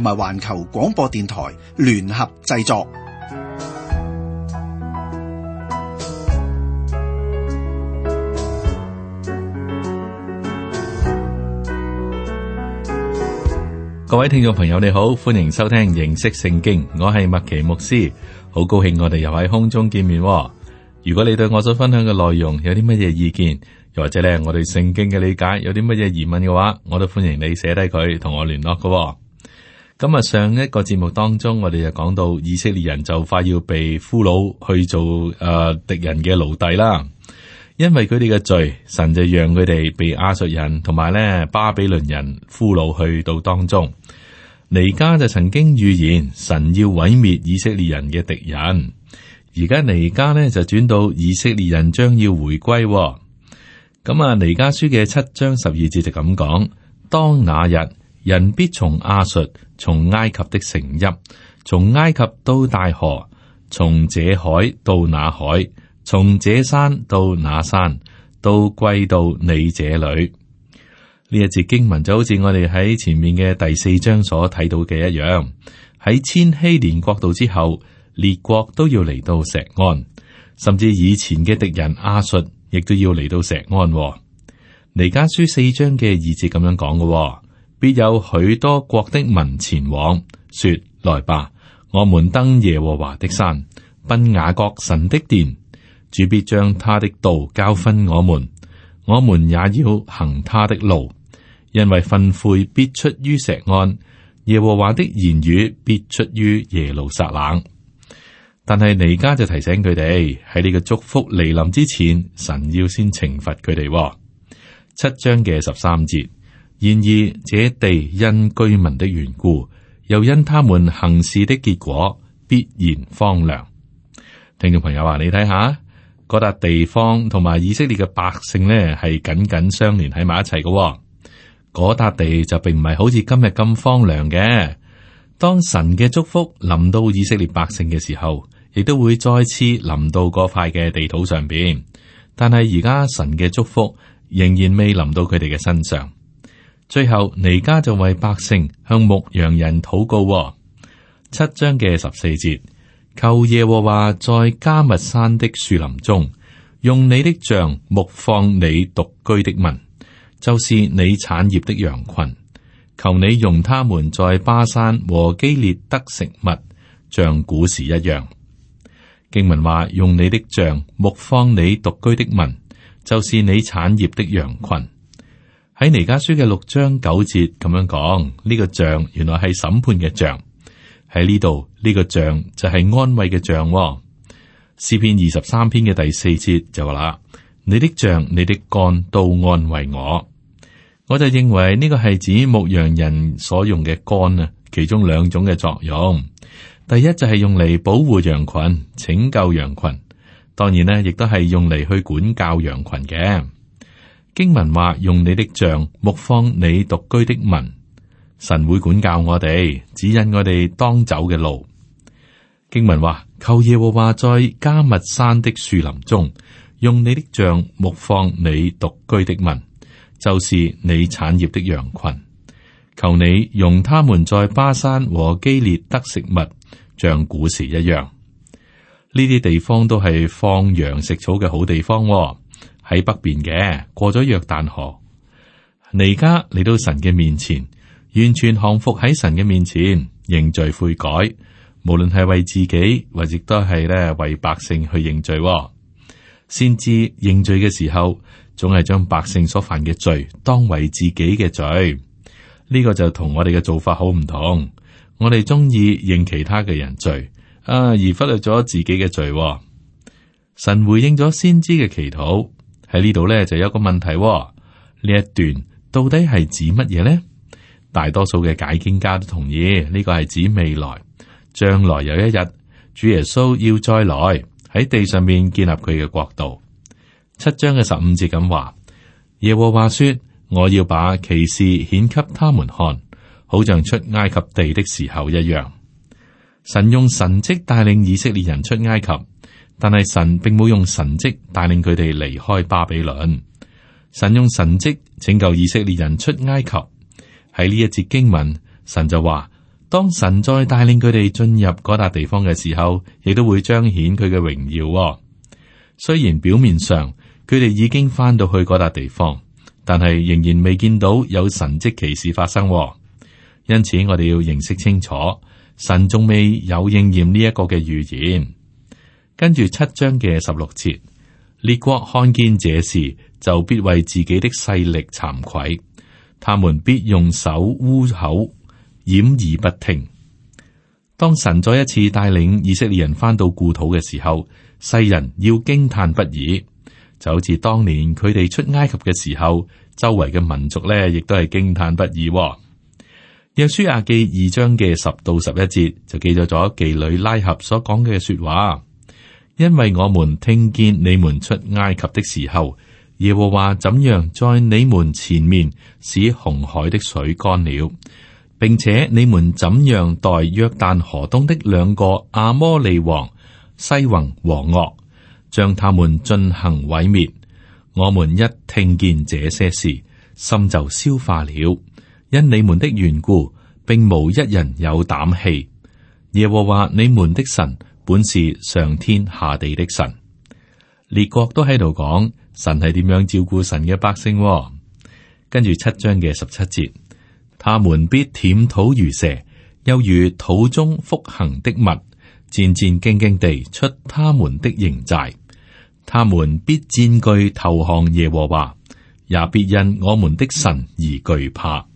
同埋環球廣播電台聯合製作。各位聽眾朋友，你好，歡迎收聽認識聖經。我係麥奇牧師，好高興我哋又喺空中見面。如果你對我所分享嘅內容有啲乜嘢意見，又或者咧我對聖經嘅理解有啲乜嘢疑問嘅話，我都歡迎你寫低佢同我聯絡㗎。今日上一個節目當中，我哋就講到以色列人就快要被俘虜去做誒、呃、敵人嘅奴隸啦，因為佢哋嘅罪，神就讓佢哋被亞述人同埋咧巴比倫人俘虜去到當中。彌迦就曾經預言神要毀滅以色列人嘅敵人，而家彌迦呢就轉到以色列人將要回歸。咁啊，彌迦書嘅七章十二節就咁講：當那日。人必從亞述，從埃及的城邑，從埃及到大河，從這海到那海，從這山到那山，都歸到你這裏呢？一節經文就好似我哋喺前面嘅第四章所睇到嘅一樣，喺千禧年國度之後，列國都要嚟到錫安，甚至以前嘅敵人亞述亦都要嚟到錫安。彌迦書四章嘅二節咁樣講嘅、哦。必有許多國的民前往，說：來吧，我們登耶和華的山，奔雅各神的殿，主必將他的道教訓我們，我們也要行他的路，因為訓誨必出於錫安，耶和華的言語必出於耶路撒冷。但係彌迦就提醒佢哋：喺呢個祝福嚟臨之前，神要先懲罰佢哋。七章嘅十三節。然而，這地因居民的緣故，又因他們行事的結果，必然荒涼。聽眾朋友啊，你睇下嗰笪地方同埋以色列嘅百姓呢，係緊緊相連喺埋一齊嘅、哦。嗰笪地就並唔係好似今日咁荒涼嘅。當神嘅祝福臨到以色列百姓嘅時候，亦都會再次臨到嗰塊嘅地土上邊。但係而家神嘅祝福仍然未臨到佢哋嘅身上。最後，彌迦就為百姓向牧羊人禱告、哦。七章嘅十四節，求耶和華在迦密山的樹林中，用你的杖牧放你獨居的民，就是你產業的羊群。求你容他們在巴山和基列得食物，像古時一樣。經文話：用你的杖牧放你獨居的民，就是你產業的羊群。喺彌迦書嘅六章九節咁樣講，呢個杖原來係審判嘅杖。喺呢度呢個杖就係安慰嘅杖、哦。喎。詩篇二十三篇嘅第四節就話啦：你的杖，你的竿都安慰我。我就認為呢個係指牧羊人所用嘅竿啊，其中兩種嘅作用，第一就係用嚟保護羊群、拯救羊群，當然呢，亦都係用嚟去管教羊群嘅。經文話：用你的杖牧放你獨居的民，神會管教我哋，指引我哋當走嘅路。經文話：求耶和華在迦密山的樹林中，用你的杖牧放你獨居的民，就是你產業的羊群。求你容他們在巴山和基列得食物，像古時一樣。呢啲地方都係放羊食草嘅好地方喎。喺北邊嘅過咗約旦河，而家嚟到神嘅面前，完全降服喺神嘅面前認罪悔改，無論係為自己或者亦都係咧為百姓去認罪、哦。先知認罪嘅時候，總係將百姓所犯嘅罪當為自己嘅罪，呢、這個就同我哋嘅做法好唔同。我哋中意認其他嘅人罪啊，而忽略咗自己嘅罪、哦。神回應咗先知嘅祈禱。喺呢度咧就有一個問題、哦，呢一段到底係指乜嘢呢？大多數嘅解經家都同意呢、這個係指未來將來有一日主耶穌要再來喺地上面建立佢嘅國度。七章嘅十五節咁話：耶和華說，我要把奇事顯給他們看，好像出埃及地的時候一樣。神用神蹟帶領以色列人出埃及。但係神並冇用神蹟帶領佢哋離開巴比倫，神用神蹟拯救以色列人出埃及。喺呢一節經文，神就話：當神再帶領佢哋進入嗰笪地方嘅時候，亦都會彰顯佢嘅榮耀，哦。雖然表面上佢哋已經返到去嗰笪地方，但係仍然未見到有神蹟奇事發生，哦。因此，我哋要認識清楚，神仲未有應驗呢一個嘅預言。跟住七章嘅十六節，列國看見這事，就必為自己的勢力慚愧，他們必用手捂口掩耳不聽。當神再一次帶領以色列人返到故土嘅時候，世人要驚嘆不已，就好似當年佢哋出埃及嘅時候，周圍嘅民族呢亦都係驚嘆不已，哦。約書亞記二章嘅十到十一節就記咗咗妓女拉合所講嘅說話。因為我們聽見你們出埃及的時候，耶和華怎樣在你們前面使紅海的水乾了，並且你們怎樣待約旦河東的兩個阿摩利王西宏和噩，將他們進行毀滅，我們一聽見這些事，心就消化了。因你們的緣故，並無一人有膽氣。耶和華你們的神，本是上天下地的神，列國都喺度講神係點樣照顧神嘅百姓，啊。跟住七章嘅十七節，他們必舔土如蛇，又如土中覆行的物，戰戰兢兢地出他們的營寨。他們必戰兢投降耶和華，也必因我們的神而懼怕。呢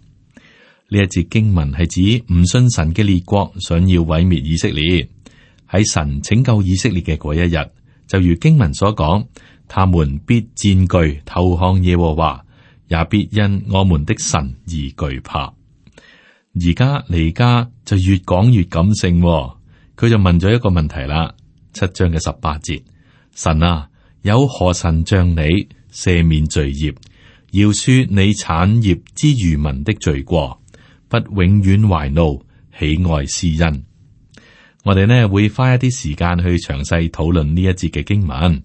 一節經文係指唔信神嘅列國想要毀滅以色列。喺神拯救以色列嘅嗰一日，就如經文所講，他們必佔據、投降耶和華，也必因我們的神而懼怕。而家離家就越講越感性、哦，佢就問咗一個問題啦：七章嘅十八節，神啊，有何神像你赦免罪孽，饒恕你產業之愚民的罪過，不永遠懷怒，喜愛施恩？我哋呢會花一啲時間去詳細討論呢一節嘅經文。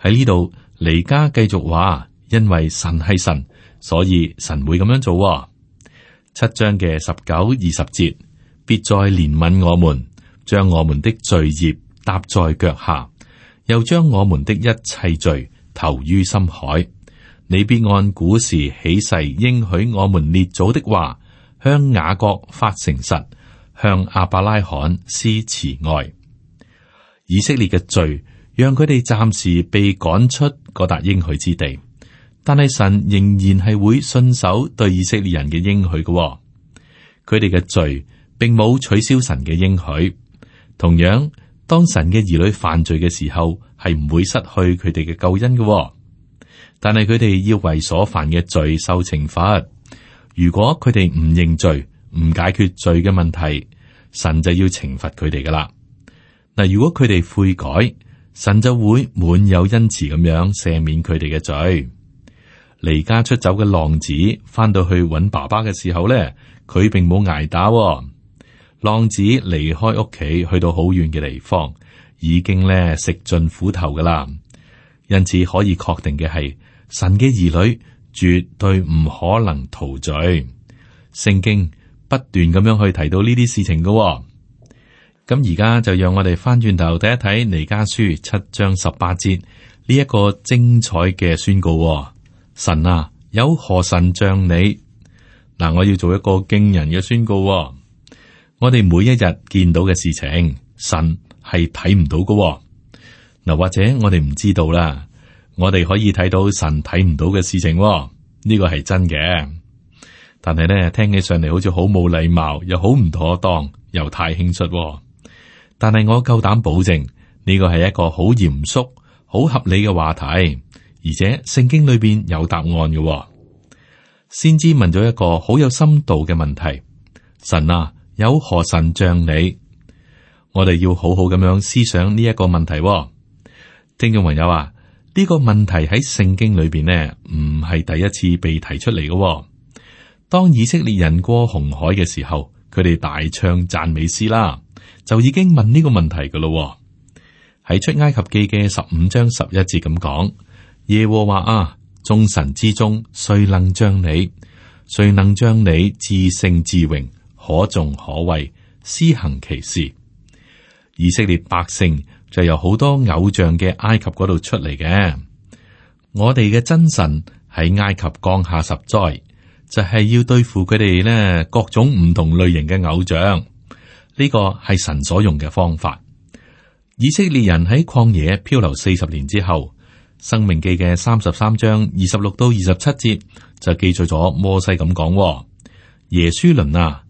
喺呢度，彌迦繼續話，因為神係神，所以神會咁樣做、哦。七章嘅十九、二十節，必再憐憫我們，將我們的罪孽踏在腳下，又將我們的一切罪投於深海。你必按古時起誓應許我們列祖的話，向雅各發誠實。向亞伯拉罕施慈愛。以色列嘅罪讓佢哋暫時被趕出嗰笪應許之地，但係神仍然係會順守對以色列人嘅應許嘅。佢哋嘅罪並冇取消神嘅應許。同樣，當神嘅兒女犯罪嘅時候，係唔會失去佢哋嘅救恩嘅。但係佢哋要為所犯嘅罪受懲罰。如果佢哋唔認罪，唔解決罪嘅問題。神就要懲罰佢哋噶啦。嗱，如果佢哋悔改，神就會滿有恩慈咁樣赦免佢哋嘅罪。離家出走嘅浪子翻到去揾爸爸嘅時候咧，佢並冇挨打。浪子離開屋企去到好遠嘅地方，已經咧食盡苦頭噶啦。因此可以確定嘅係，神嘅兒女絕對唔可能逃罪。聖經。不斷咁樣去提到呢啲事情噶、哦，咁而家就讓我哋翻轉頭睇一睇彌迦書七章十八節呢一個精彩嘅宣告、哦。神啊，有何神像你？嗱，我要做一個驚人嘅宣告、哦。我哋每一日見到嘅事情，神係睇唔到噶。嗱，或者我哋唔知道啦，我哋可以睇到神睇唔到嘅事情、哦，呢個係真嘅。但係咧，聽起上嚟好似好冇禮貌，又好唔妥當，又太輕率、哦。但係我夠膽保證，呢個係一個好嚴肅、好合理嘅話題，而且聖經裏邊有答案嘅、哦。先知問咗一個好有深度嘅問題：神啊，有何神像你？我哋要好好咁樣思想呢一個問題、哦。聽眾朋友啊，呢、這個問題喺聖經裏邊呢，唔係第一次被提出嚟嘅、哦。當以色列人過紅海嘅時候，佢哋大唱讚美詩啦，就已經問呢個問題噶咯。喺出埃及記嘅十五章十一節咁講：耶和華啊，眾神之中，誰能像你？誰能像你至聖至榮，可頌可畏，施行奇事？以色列百姓就有好多偶像嘅埃及嗰度出嚟嘅，我哋嘅真神喺埃及降下十災。就係要對付佢哋呢各種唔同類型嘅偶像。呢個係神所用嘅方法。以色列人喺曠野漂流四十年之後，《生命記》嘅三十三章二十六到二十七節就記在咗。摩西咁講：，耶書倫啊，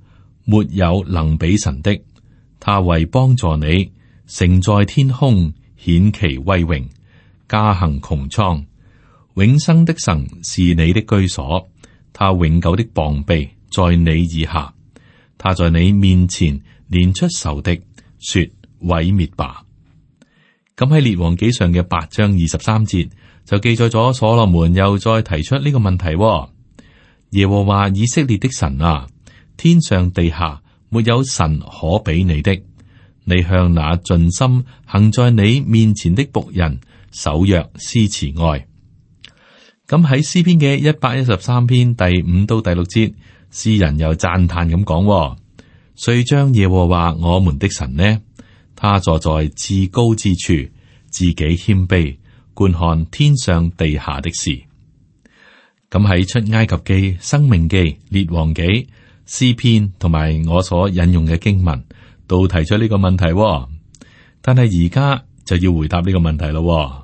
沒有能比神的。他為幫助你，乘在天空顯其威榮，家行窮瘡永生的神是你的居所。他永久的膀臂在你以下，他在你面前攆出仇敵，說毀滅吧。咁喺列王紀上嘅八章二十三節就記載咗，所羅門又再提出呢個問題。耶和華以色列的神啊，天上地下沒有神可比你的，你向那盡心行在你面前的僕人守約施慈愛。咁喺詩篇嘅一百一十三篇第五到第六節，詩人又讚嘆咁講：誰將耶和華我們的神呢？他坐在至高之處，自己謙卑，觀看天上地下的事。咁喺出埃及記、生命記、列王紀、詩篇同埋我所引用嘅經文，都提出呢個問題。但係而家就要回答呢個問題咯。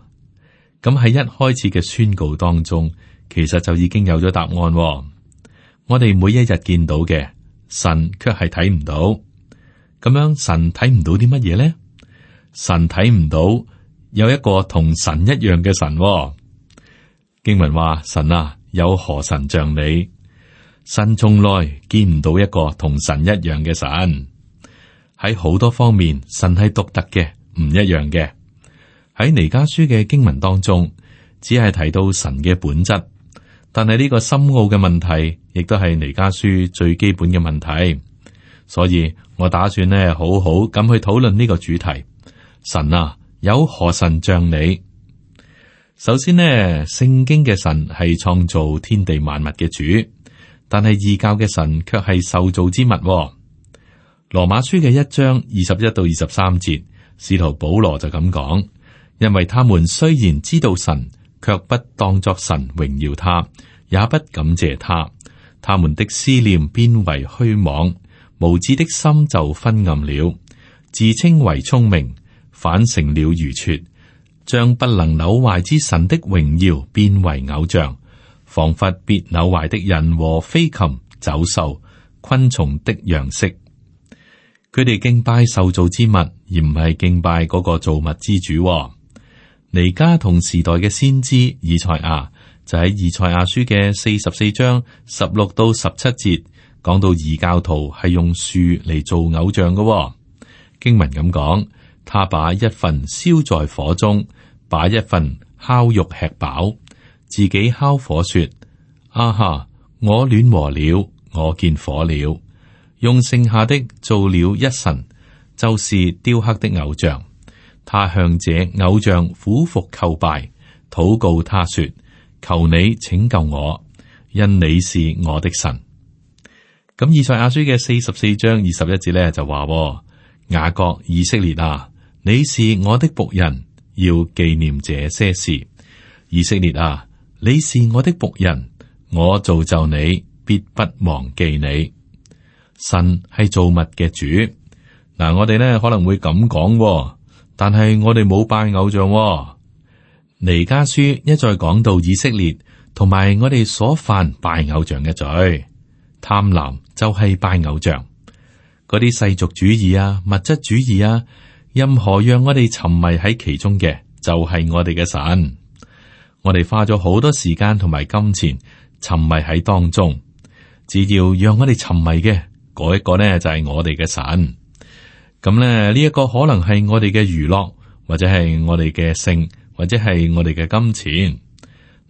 咁喺一開始嘅宣告當中，其實就已經有咗答案，哦。我哋每一日見到嘅神，卻係睇唔到。咁樣神睇唔到啲乜嘢呢？神睇唔到有一個同神一樣嘅神，哦。經文話：神啊，有何神像你？神從來見唔到一個同神一樣嘅神。喺好多方面，神係獨特嘅，唔一樣嘅。喺彌迦書嘅經文當中，只係提到神嘅本質，但係呢個深奧嘅問題，亦都係彌迦書最基本嘅問題。所以我打算呢，好好咁去討論呢個主題。神啊，有何神像你？首先呢，聖經嘅神係創造天地萬物嘅主，但係異教嘅神卻係受造之物，哦。羅馬書嘅一章二十一到二十三節，使徒保羅就咁講。因為他們雖然知道神，卻不當作神榮耀他，也不感謝他。他們的思念變為虛妄，無知的心就昏暗了。自稱為聰明，反成了愚拙，將不能朽壞之神的榮耀變為偶像，仿佛別朽壞的人和飛禽、走獸、昆蟲的樣式。佢哋敬拜受造之物，而唔係敬拜嗰個造物之主、哦。尼加同時代嘅先知以賽亞就喺、是、以賽亞書嘅四十四章十六到十七節講到異教徒係用樹嚟做偶像嘅、哦。經文咁講，他把一份燒在火中，把一份烤肉吃飽，自己烤火說：啊哈，我暖和了，我見火了。用剩下的做了一神，就是雕刻的偶像。他向這偶像俯伏叩拜，禱告他說：求你拯救我，因你是我的神。咁以賽亞書嘅四十四章二十一節呢，就話、哦：雅各以色列啊，你是我的僕人，要紀念這些事。以色列啊，你是我的僕人，我造就你，必不忘記你。神係造物嘅主，嗱、啊、我哋呢可能會咁講、哦。但係我哋冇拜偶像、哦。彌迦書一再講到以色列同埋我哋所犯拜偶像嘅罪，貪婪就係拜偶像。嗰啲世俗主義啊、物質主義啊，任何讓我哋沉迷喺其中嘅，就係、是、我哋嘅神。我哋花咗好多時間同埋金錢，沉迷喺當中。只要讓我哋沉迷嘅嗰一個呢，就係、是、我哋嘅神。咁咧，呢一，這個可能係我哋嘅娛樂，或者係我哋嘅性，或者係我哋嘅金錢。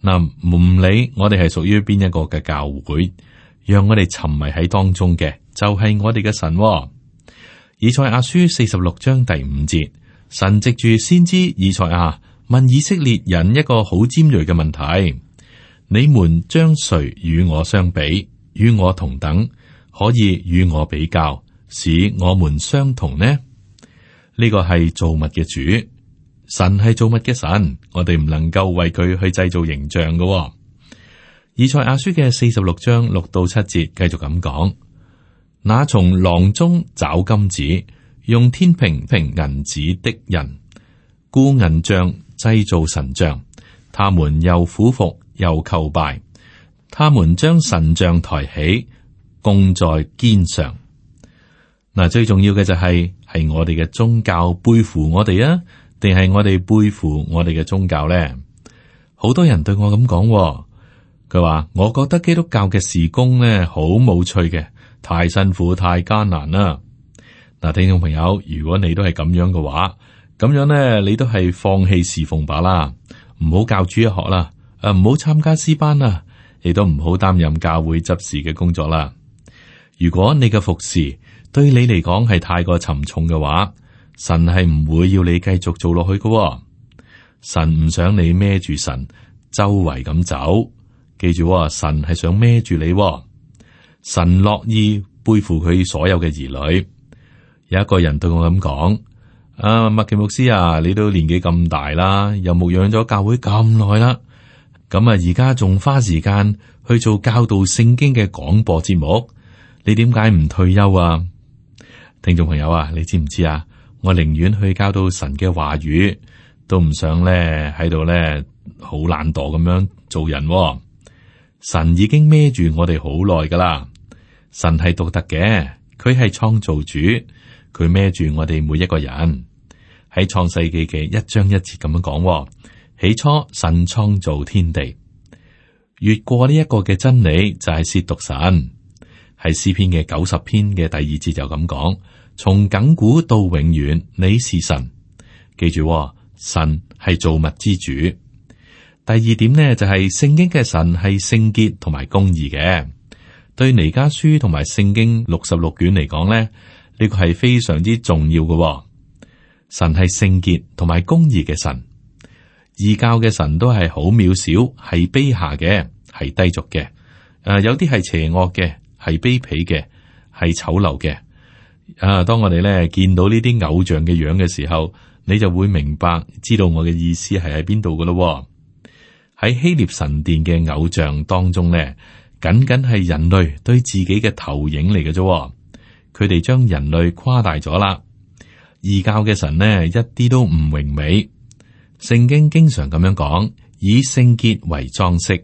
嗱、嗯，唔理我哋係屬於邊一個嘅教會，讓我哋沉迷喺當中嘅，就係、是、我哋嘅神、哦。以賽亞書四十六章第五節，神藉住先知以賽亞問以色列人一個好尖銳嘅問題：你們將誰與我相比？與我同等？可以與我比較？使我們相同呢？呢個係造物嘅主，神係造物嘅神，我哋唔能夠為佢去製造形象㗎、哦。以賽亞書嘅四十六章六到七節，繼續咁講：那從囊中找金子，用天平平銀子的人，僱銀匠製造神像，他們又俯伏又叩拜，他們將神像抬起，供在肩上。嗱，最重要嘅就係係我哋嘅宗教背負我哋啊，定係我哋背負我哋嘅宗教咧？好多人對我咁講喎，佢話，我覺得基督教嘅事工咧，好冇趣嘅，太辛苦，太艱難啦。嗱，聽眾朋友，如果你都係咁樣嘅話，咁樣咧，你都係放棄侍奉吧啦，唔好教主日學啦，誒，唔好參加詩班啦，你都唔好擔任教會執事嘅工作啦。如果你嘅服侍，對你嚟講係太過沉重嘅話，神係唔會要你繼續做落去嘅，哦。神唔想你孭住神周圍咁走，記住，哦，神係想孭住你，哦。神樂意背負佢所有嘅兒女。有一個人對我咁講：啊，麥基牧師啊，你都年紀咁大啦，又牧養咗教會咁耐啦，咁啊，而家仲花時間去做教導聖經嘅廣播節目，你點解唔退休啊？聽眾朋友啊，你知唔知啊？我寧願去交到神嘅話語，都唔想咧喺度咧好懶惰咁樣做人，啊。神已經孭住我哋好耐噶啦，神係獨特嘅，佢係創造主，佢孭住我哋每一個人喺創世紀嘅一章一節咁樣講，啊。起初神創造天地，越過呢一個嘅真理就係褻瀆神。喺詩篇嘅九十篇嘅第二節就咁講。從亙古到永遠，你是神。記住，哦，神係造物之主。第二點呢，就係、是、聖經嘅神係聖潔同埋公義嘅。對彌迦書同埋聖經六十六卷嚟講呢，呢、這個係非常之重要嘅，哦。神係聖潔同埋公義嘅神。異教嘅神都係好渺小，係卑下嘅，係低俗嘅。誒，有啲係邪惡嘅，係卑鄙嘅，係醜陋嘅。啊！當我哋咧見到呢啲偶像嘅樣嘅時候，你就會明白知道我嘅意思係喺邊度噶咯。喺希臘神殿嘅偶像當中咧，僅僅係人類對自己嘅投影嚟嘅啫。佢哋將人類誇大咗啦。異教嘅神呢，一啲都唔榮美。聖經經常咁樣講，以聖潔為裝飾。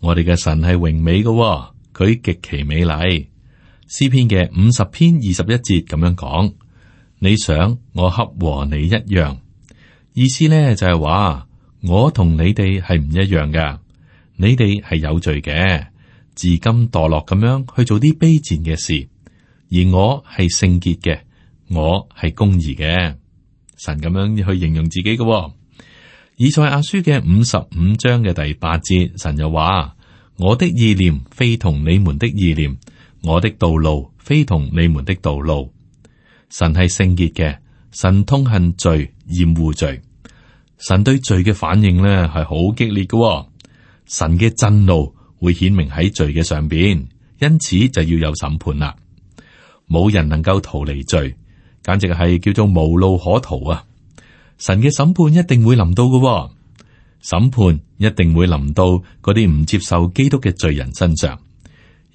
我哋嘅神係榮美嘅，佢極其美麗。詩篇嘅五十篇二十一節咁樣講，你想我恰和你一樣，意思呢就係話我同你哋係唔一樣嘅，你哋係有罪嘅，至今墮落咁樣去做啲卑賤嘅事，而我係聖潔嘅，我係公義嘅，神咁樣去形容自己嘅。以賽亞書嘅五十五章嘅第八節，神又話：我的意念非同你們的意念。我的道路非同你們的道路，神係聖潔嘅，神痛恨罪、厭惡罪，神對罪嘅反應咧係好激烈嘅、哦，神嘅震怒會顯明喺罪嘅上邊，因此就要有審判啦，冇人能夠逃離罪，簡直係叫做無路可逃啊！神嘅審判一定會臨到嘅、哦，審判一定會臨到嗰啲唔接受基督嘅罪人身上。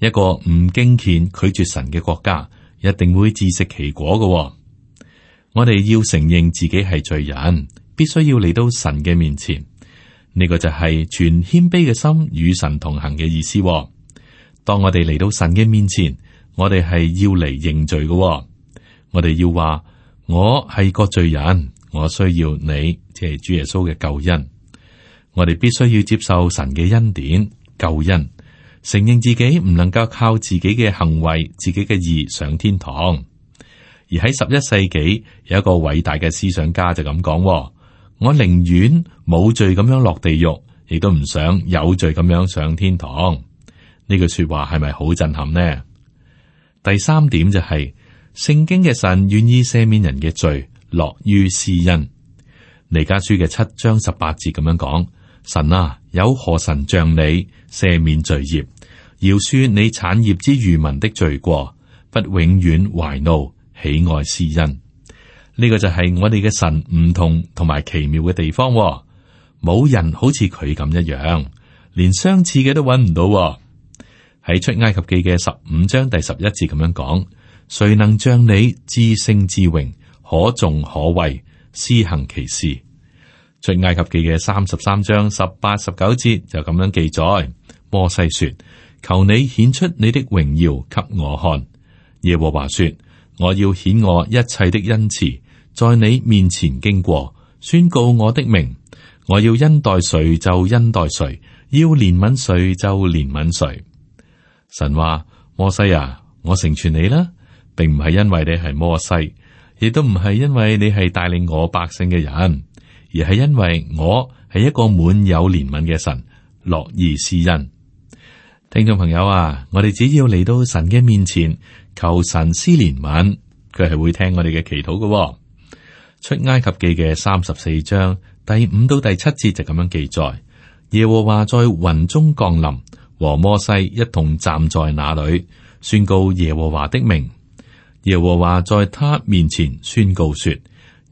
一個唔敬虔，拒絕神嘅國家，一定會自食其果嘅、哦。我哋要承認自己係罪人，必須要嚟到神嘅面前。呢、這個就係全謙卑嘅心與神同行嘅意思、哦。當我哋嚟到神嘅面前，我哋係要嚟認罪嘅、哦。我哋要話我係個罪人，我需要你即係、就是、主耶穌嘅救恩。我哋必須要接受神嘅恩典、救恩。承認自己唔能夠靠自己嘅行為、自己嘅義上天堂，而喺十一世紀有一個偉大嘅思想家就咁講：，我寧願冇罪咁樣落地獄，亦都唔想有罪咁樣上天堂。呢句說話係咪好震撼呢？第三點就係、是、聖經嘅神願意赦免人嘅罪，樂於施恩。彌迦書嘅七章十八節咁樣講：，神啊！有何神像你赦免罪孽，饒恕你產業之餘民的罪過，不永遠懷怒，喜愛施恩。呢、這個就係我哋嘅神唔同同埋奇妙嘅地方、哦，冇人好似佢咁一樣，連相似嘅都揾唔到、哦。喺出埃及記嘅十五章第十一節咁樣講：，誰能像你至聖至榮，可頌可畏，施行其事？出埃及記嘅三十三章十八十九節就咁樣記載。摩西說：求你顯出你的榮耀給我看。耶和華說：我要顯我一切的恩慈在你面前經過，宣告我的名。我要恩待誰就恩待誰，要憐憫誰就憐憫誰。神話摩西啊，我成全你啦，並唔係因為你係摩西，亦都唔係因為你係帶領我百姓嘅人。而係因為我係一個滿有憐憫嘅神，樂意施恩。聽眾朋友啊，我哋只要嚟到神嘅面前求神施憐憫，佢係會聽我哋嘅祈禱㗎喎。出埃及記嘅三十四章第五到第七節就咁樣記載：耶和華在雲中降臨，和摩西一同站在那裏，宣告耶和華的名。耶和華在他面前宣告說：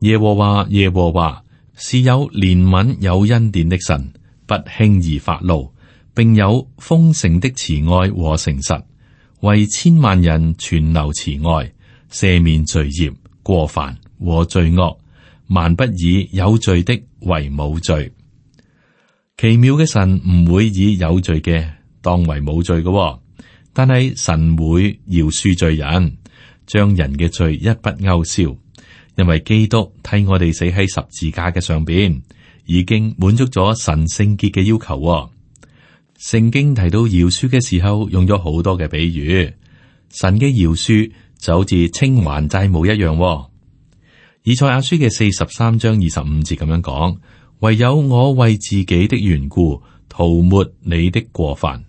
耶和華，耶和華。是有憐憫、有恩典的神，不輕易發怒，並有豐盛的慈愛和誠實，為千萬人存留慈愛，赦免罪孽過犯和罪惡。萬不以有罪的為冇罪，奇妙嘅神唔會以有罪嘅當為冇罪嘅，但係神會饒恕罪人，將人嘅罪一筆勾銷。因為基督替我哋死喺十字架嘅上邊，已經滿足咗神聖潔嘅要求。聖經提到饒恕嘅時候，用咗好多嘅比喻，神嘅饒恕就好似清還債務一樣。以賽亞書嘅四十三章二十五節咁樣講：唯有我為自己的緣故，塗抹你的過犯，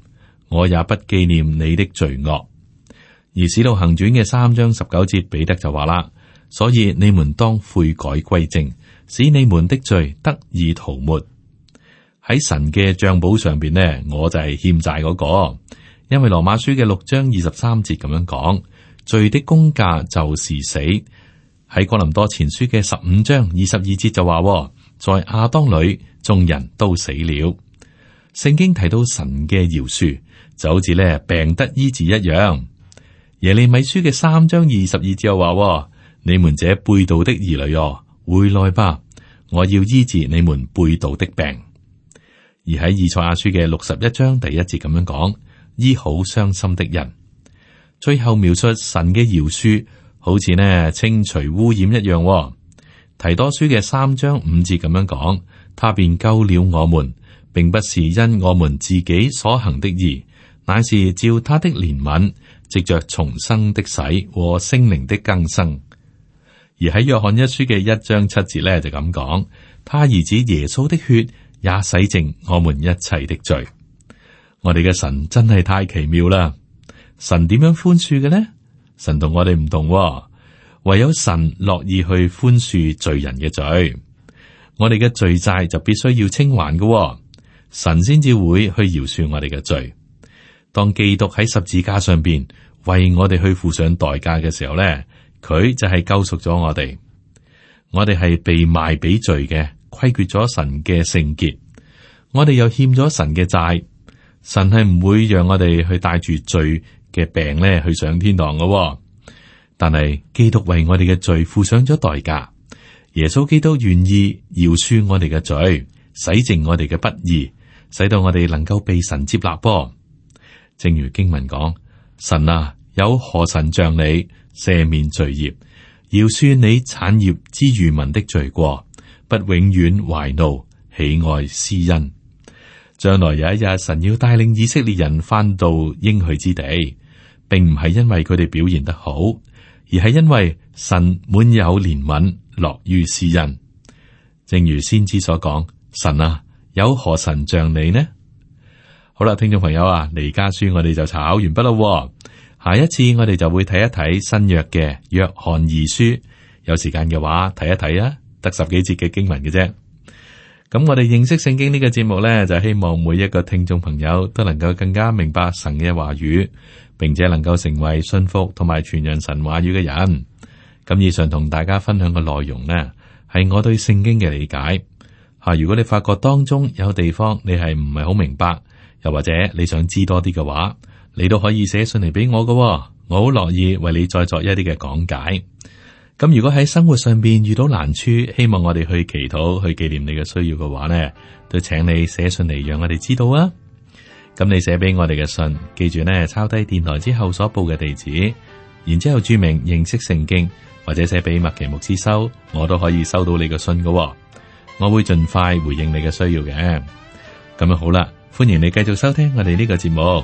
我也不記念你的罪惡。而使徒行傳嘅三章十九節，彼得就話啦。所以你們當悔改歸正，使你們的罪得以塗抹。喺神嘅賬簿上邊咧，我就係欠債嗰、那個。因為羅馬書嘅六章二十三節咁樣講，罪的工價就是死。喺哥林多前書嘅十五章二十二節就話喎，在亞當裏眾人都死了。聖經提到神嘅饒恕就好似呢病得醫治一樣。耶利米書嘅三章二十二節又話。你們這背道的兒女哦，回來吧！我要醫治你們背道的病。而喺以賽亞書嘅六十一章第一節咁樣講，醫好傷心的人。最後描述神嘅饒書，好似呢清除污染一樣、哦。提多書嘅三章五節咁樣講，他便救了我們，並不是因我們自己所行的義，乃是照他的憐憫，藉着重生的洗和聖靈的更生。而喺約翰一書嘅一章七節咧，就咁講：他兒子耶穌的血也洗淨我們一切的罪。我哋嘅神真係太奇妙啦！神點樣寬恕嘅呢？神同我哋唔同，唯有神樂意去寬恕罪人嘅罪。我哋嘅罪債就必須要清還嘅喎，神先至會去饒恕我哋嘅罪。當基督喺十字架上邊為我哋去付上代價嘅時候咧。佢就係救贖咗我哋，我哋係被賣俾罪嘅，虧缺咗神嘅聖潔，我哋又欠咗神嘅債，神係唔會讓我哋去帶住罪嘅病咧去上天堂㗎。但係基督為我哋嘅罪付上咗代價，耶穌基督願意饒恕我哋嘅罪，洗淨我哋嘅不義，使到我哋能夠被神接納噃，正如經文講，神啊。有何神像你赦免罪孽，饒恕你產業之餘民的罪過，不永遠懷怒，喜愛施恩。將來有一日，神要帶領以色列人翻到應許之地，並唔係因為佢哋表現得好，而係因為神滿有憐憫，樂於施恩。正如先知所講，神啊，有何神像你呢？好啦，聽眾朋友啊，彌迦書我哋就查考完畢咯。下一次我哋就會睇一睇新約嘅約翰二書，有時間嘅話睇一睇啊，得十幾節嘅經文嘅啫。咁我哋認識聖經呢個節目呢，就希望每一個聽眾朋友都能夠更加明白神嘅話語，並且能夠成為信服同埋傳揚神話語嘅人。咁以上同大家分享嘅內容呢，係我對聖經嘅理解吓。如果你發覺當中有地方你係唔係好明白，又或者你想知多啲嘅話，你都可以寫信嚟俾我嘅、哦，我好樂意為你再作一啲嘅講解。咁如果喺生活上邊遇到難處，希望我哋去祈禱、去紀念你嘅需要嘅話呢，都請你寫信嚟讓我哋知道啊。咁你寫俾我哋嘅信，記住呢，抄低電台之後所報嘅地址，然之後注明認識聖經或者寫俾麥其牧師收，我都可以收到你嘅信嘅、哦，我會盡快回應你嘅需要嘅。咁樣好啦，歡迎你繼續收聽我哋呢個節目。